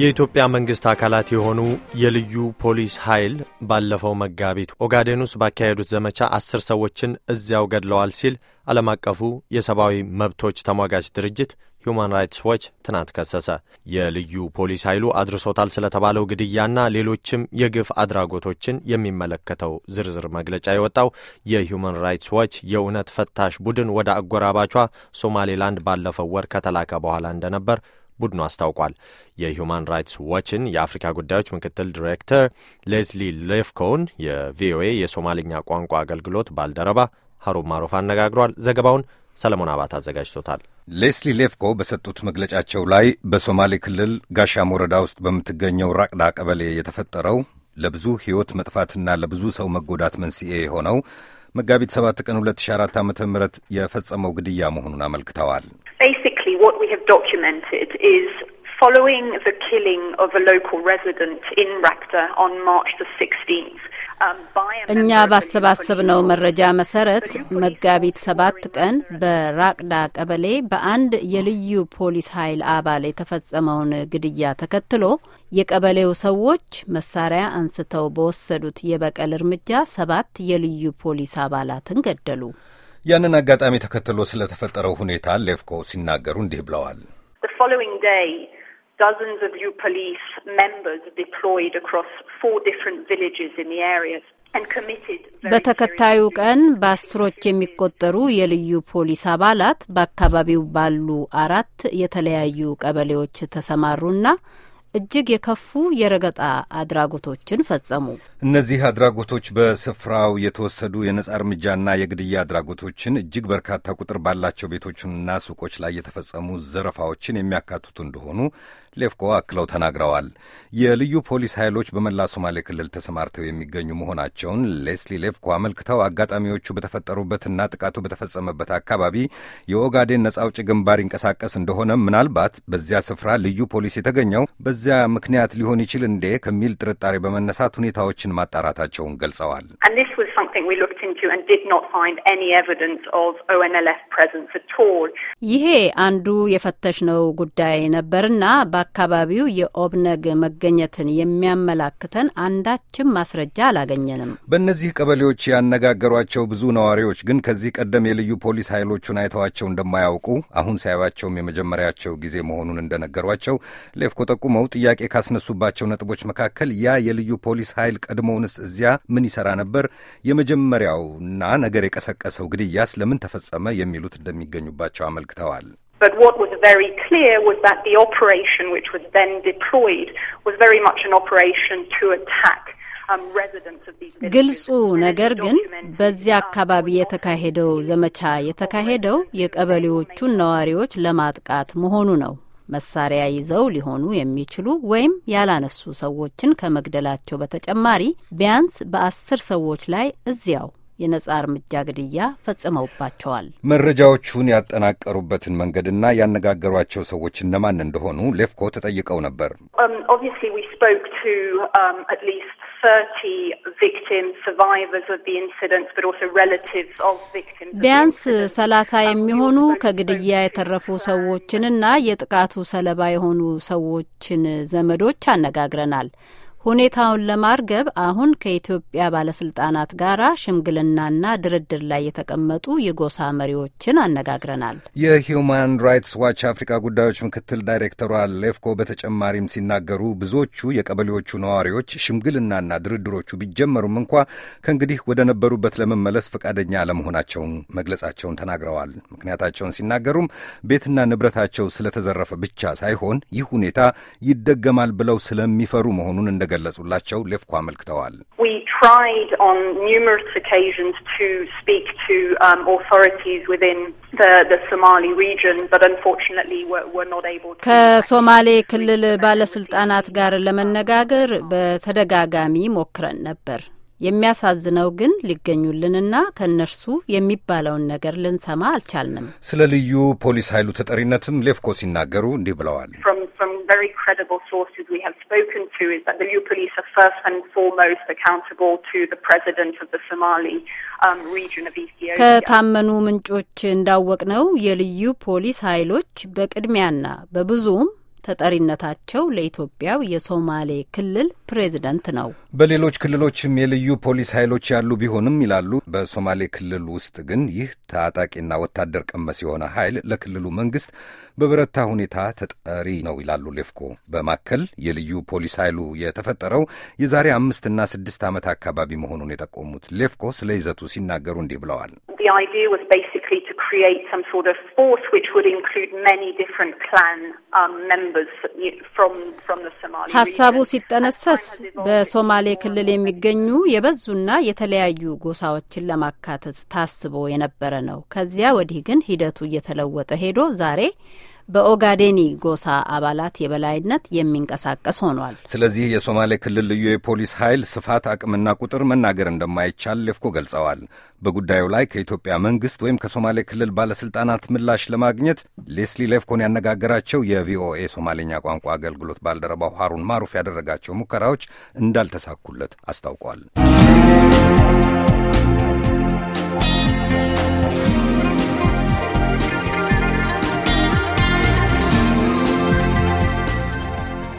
የኢትዮጵያ መንግስት አካላት የሆኑ የልዩ ፖሊስ ኃይል ባለፈው መጋቢት ኦጋዴን ውስጥ ባካሄዱት ዘመቻ አስር ሰዎችን እዚያው ገድለዋል ሲል ዓለም አቀፉ የሰብአዊ መብቶች ተሟጋች ድርጅት ሁማን ራይትስ ዎች ትናንት ከሰሰ። የልዩ ፖሊስ ኃይሉ አድርሶታል ስለተባለው ግድያና ሌሎችም የግፍ አድራጎቶችን የሚመለከተው ዝርዝር መግለጫ የወጣው የሁማን ራይትስ ዎች የእውነት ፈታሽ ቡድን ወደ አጎራባቿ ሶማሌላንድ ባለፈው ወር ከተላከ በኋላ እንደነበር ቡድኑ አስታውቋል። የሁማን ራይትስ ዋችን የአፍሪካ ጉዳዮች ምክትል ዲሬክተር ሌዝሊ ሌፍኮውን የቪኦኤ የሶማልኛ ቋንቋ አገልግሎት ባልደረባ ሀሩብ ማሩፍ አነጋግሯል። ዘገባውን ሰለሞን አባት አዘጋጅቶታል። ሌስሊ ሌፍኮ በሰጡት መግለጫቸው ላይ በሶማሌ ክልል ጋሻም ወረዳ ውስጥ በምትገኘው ራቅዳ ቀበሌ የተፈጠረው ለብዙ ሕይወት መጥፋትና ለብዙ ሰው መጎዳት መንስኤ የሆነው መጋቢት 7 ቀን 2004 ዓ ም የፈጸመው ግድያ መሆኑን አመልክተዋል። what we have documented is following the killing of a local resident in Rakta on March the 16th. Um, እኛ ባሰባሰብነው መረጃ መሰረት መጋቢት ሰባት ቀን በራቅዳ ቀበሌ በአንድ የልዩ ፖሊስ ኃይል አባል የተፈጸመውን ግድያ ተከትሎ የቀበሌው ሰዎች መሳሪያ አንስተው በወሰዱት የበቀል እርምጃ ሰባት የልዩ ፖሊስ አባላትን ገደሉ። ያንን አጋጣሚ ተከትሎ ስለተፈጠረው ሁኔታ ሌፍኮ ሲናገሩ እንዲህ ብለዋል። በተከታዩ ቀን በአስሮች የሚቆጠሩ የልዩ ፖሊስ አባላት በአካባቢው ባሉ አራት የተለያዩ ቀበሌዎች ተሰማሩና እጅግ የከፉ የረገጣ አድራጎቶችን ፈጸሙ። እነዚህ አድራጎቶች በስፍራው የተወሰዱ የነጻ እርምጃና የግድያ አድራጎቶችን እጅግ በርካታ ቁጥር ባላቸው ቤቶችና ሱቆች ላይ የተፈጸሙ ዘረፋዎችን የሚያካትቱ እንደሆኑ ሌፍኮ አክለው ተናግረዋል። የልዩ ፖሊስ ኃይሎች በመላ ሶማሌ ክልል ተሰማርተው የሚገኙ መሆናቸውን ሌስሊ ሌፍኮ አመልክተው አጋጣሚዎቹ በተፈጠሩበትና ጥቃቱ በተፈጸመበት አካባቢ የኦጋዴን ነጻ አውጪ ግንባር ይንቀሳቀስ እንደሆነ ምናልባት በዚያ ስፍራ ልዩ ፖሊስ የተገኘው በዚ በዚያ ምክንያት ሊሆን ይችል እንዴ ከሚል ጥርጣሬ በመነሳት ሁኔታዎችን ማጣራታቸውን ገልጸዋል። ይሄ አንዱ የፈተሽነው ጉዳይ ነበርና በአካባቢው የኦብነግ መገኘትን የሚያመላክተን አንዳችም ማስረጃ አላገኘንም። በእነዚህ ቀበሌዎች ያነጋገሯቸው ብዙ ነዋሪዎች ግን ከዚህ ቀደም የልዩ ፖሊስ ኃይሎቹን አይተዋቸው እንደማያውቁ አሁን ሲያዩዋቸውም የመጀመሪያቸው ጊዜ መሆኑን እንደነገሯቸው ሌፍኮ ጠቁመው ጥያቄ ካስነሱባቸው ነጥቦች መካከል ያ የልዩ ፖሊስ ኃይል ቀድሞውንስ እዚያ ምን ይሰራ ነበር? የመጀመሪያውና ነገር የቀሰቀሰው ግድያስ ለምን ተፈጸመ? የሚሉት እንደሚገኙባቸው አመልክተዋል። But what was very clear was that the operation which was then deployed was very much an operation to attack um, ግልጹ ነገር ግን በዚያ አካባቢ የተካሄደው ዘመቻ የተካሄደው የቀበሌዎቹን ነዋሪዎች ለማጥቃት መሆኑ ነው። መሳሪያ ይዘው ሊሆኑ የሚችሉ ወይም ያላነሱ ሰዎችን ከመግደላቸው በተጨማሪ ቢያንስ በአስር ሰዎች ላይ እዚያው የነጻ እርምጃ ግድያ ፈጽመውባቸዋል። መረጃዎቹን ያጠናቀሩበትን መንገድና ያነጋገሯቸው ሰዎች እነማን እንደሆኑ ሌፍኮ ተጠይቀው ነበር። um, um, ቢያንስ ሰላሳ um, የሚሆኑ ከግድያ የተረፉ ሰዎችንና የጥቃቱ ሰለባ የሆኑ ሰዎችን ዘመዶች አነጋግረናል። ሁኔታውን ለማርገብ አሁን ከኢትዮጵያ ባለስልጣናት ጋራ ሽምግልናና ድርድር ላይ የተቀመጡ የጎሳ መሪዎችን አነጋግረናል። የሂውማን ራይትስ ዋች አፍሪካ ጉዳዮች ምክትል ዳይሬክተሯ ሌፍኮ በተጨማሪም ሲናገሩ ብዙዎቹ የቀበሌዎቹ ነዋሪዎች ሽምግልናና ድርድሮቹ ቢጀመሩም እንኳ ከእንግዲህ ወደ ነበሩበት ለመመለስ ፈቃደኛ አለመሆናቸውን መግለጻቸውን ተናግረዋል። ምክንያታቸውን ሲናገሩም ቤትና ንብረታቸው ስለተዘረፈ ብቻ ሳይሆን ይህ ሁኔታ ይደገማል ብለው ስለሚፈሩ መሆኑን እንደገ እንደገለጹላቸው ልፍኩ አመልክተዋል። ከሶማሌ ክልል ባለስልጣናት ጋር ለመነጋገር በተደጋጋሚ ሞክረን ነበር። የሚያሳዝነው ግን ሊገኙልንና ከእነርሱ የሚባለውን ነገር ልንሰማ አልቻልንም። ስለ ልዩ ፖሊስ ኃይሉ ተጠሪነትም ሌፍኮ ሲናገሩ እንዲህ ብለዋል። very credible sources we have spoken to is that the new police are first and foremost accountable to the president of the Somali um, region of Ethiopia. ከታመኑ ምንጮች እንዳወቅ ነው የልዩ ፖሊስ ኃይሎች በቅድሚያና ተጠሪነታቸው ለኢትዮጵያው የሶማሌ ክልል ፕሬዝደንት ነው። በሌሎች ክልሎችም የልዩ ፖሊስ ኃይሎች ያሉ ቢሆንም ይላሉ፣ በሶማሌ ክልል ውስጥ ግን ይህ ታጣቂና ወታደር ቀመስ የሆነ ኃይል ለክልሉ መንግስት በበረታ ሁኔታ ተጠሪ ነው ይላሉ ሌፍኮ። በማከል የልዩ ፖሊስ ኃይሉ የተፈጠረው የዛሬ አምስትና ስድስት ዓመት አካባቢ መሆኑን የጠቆሙት ሌፍኮ ስለ ይዘቱ ሲናገሩ እንዲህ ብለዋል። create some sort of force which would include many different clan um, members from from the Somali ሀሳቡ ሲጠነሰስ በሶማሌ ክልል የሚገኙ የበዙና የተለያዩ ጎሳዎችን ለማካተት ታስቦ የነበረ ነው። ከዚያ ወዲህ ግን ሂደቱ እየተለወጠ ሄዶ ዛሬ በኦጋዴኒ ጎሳ አባላት የበላይነት የሚንቀሳቀስ ሆኗል። ስለዚህ የሶማሌ ክልል ልዩ የፖሊስ ኃይል ስፋት፣ አቅምና ቁጥር መናገር እንደማይቻል ሌፍኮ ገልጸዋል። በጉዳዩ ላይ ከኢትዮጵያ መንግስት ወይም ከሶማሌ ክልል ባለስልጣናት ምላሽ ለማግኘት ሌስሊ ሌፍኮን ያነጋገራቸው የቪኦኤ ሶማሌኛ ቋንቋ አገልግሎት ባልደረባው ሀሩን ማሩፍ ያደረጋቸው ሙከራዎች እንዳልተሳኩለት አስታውቋል።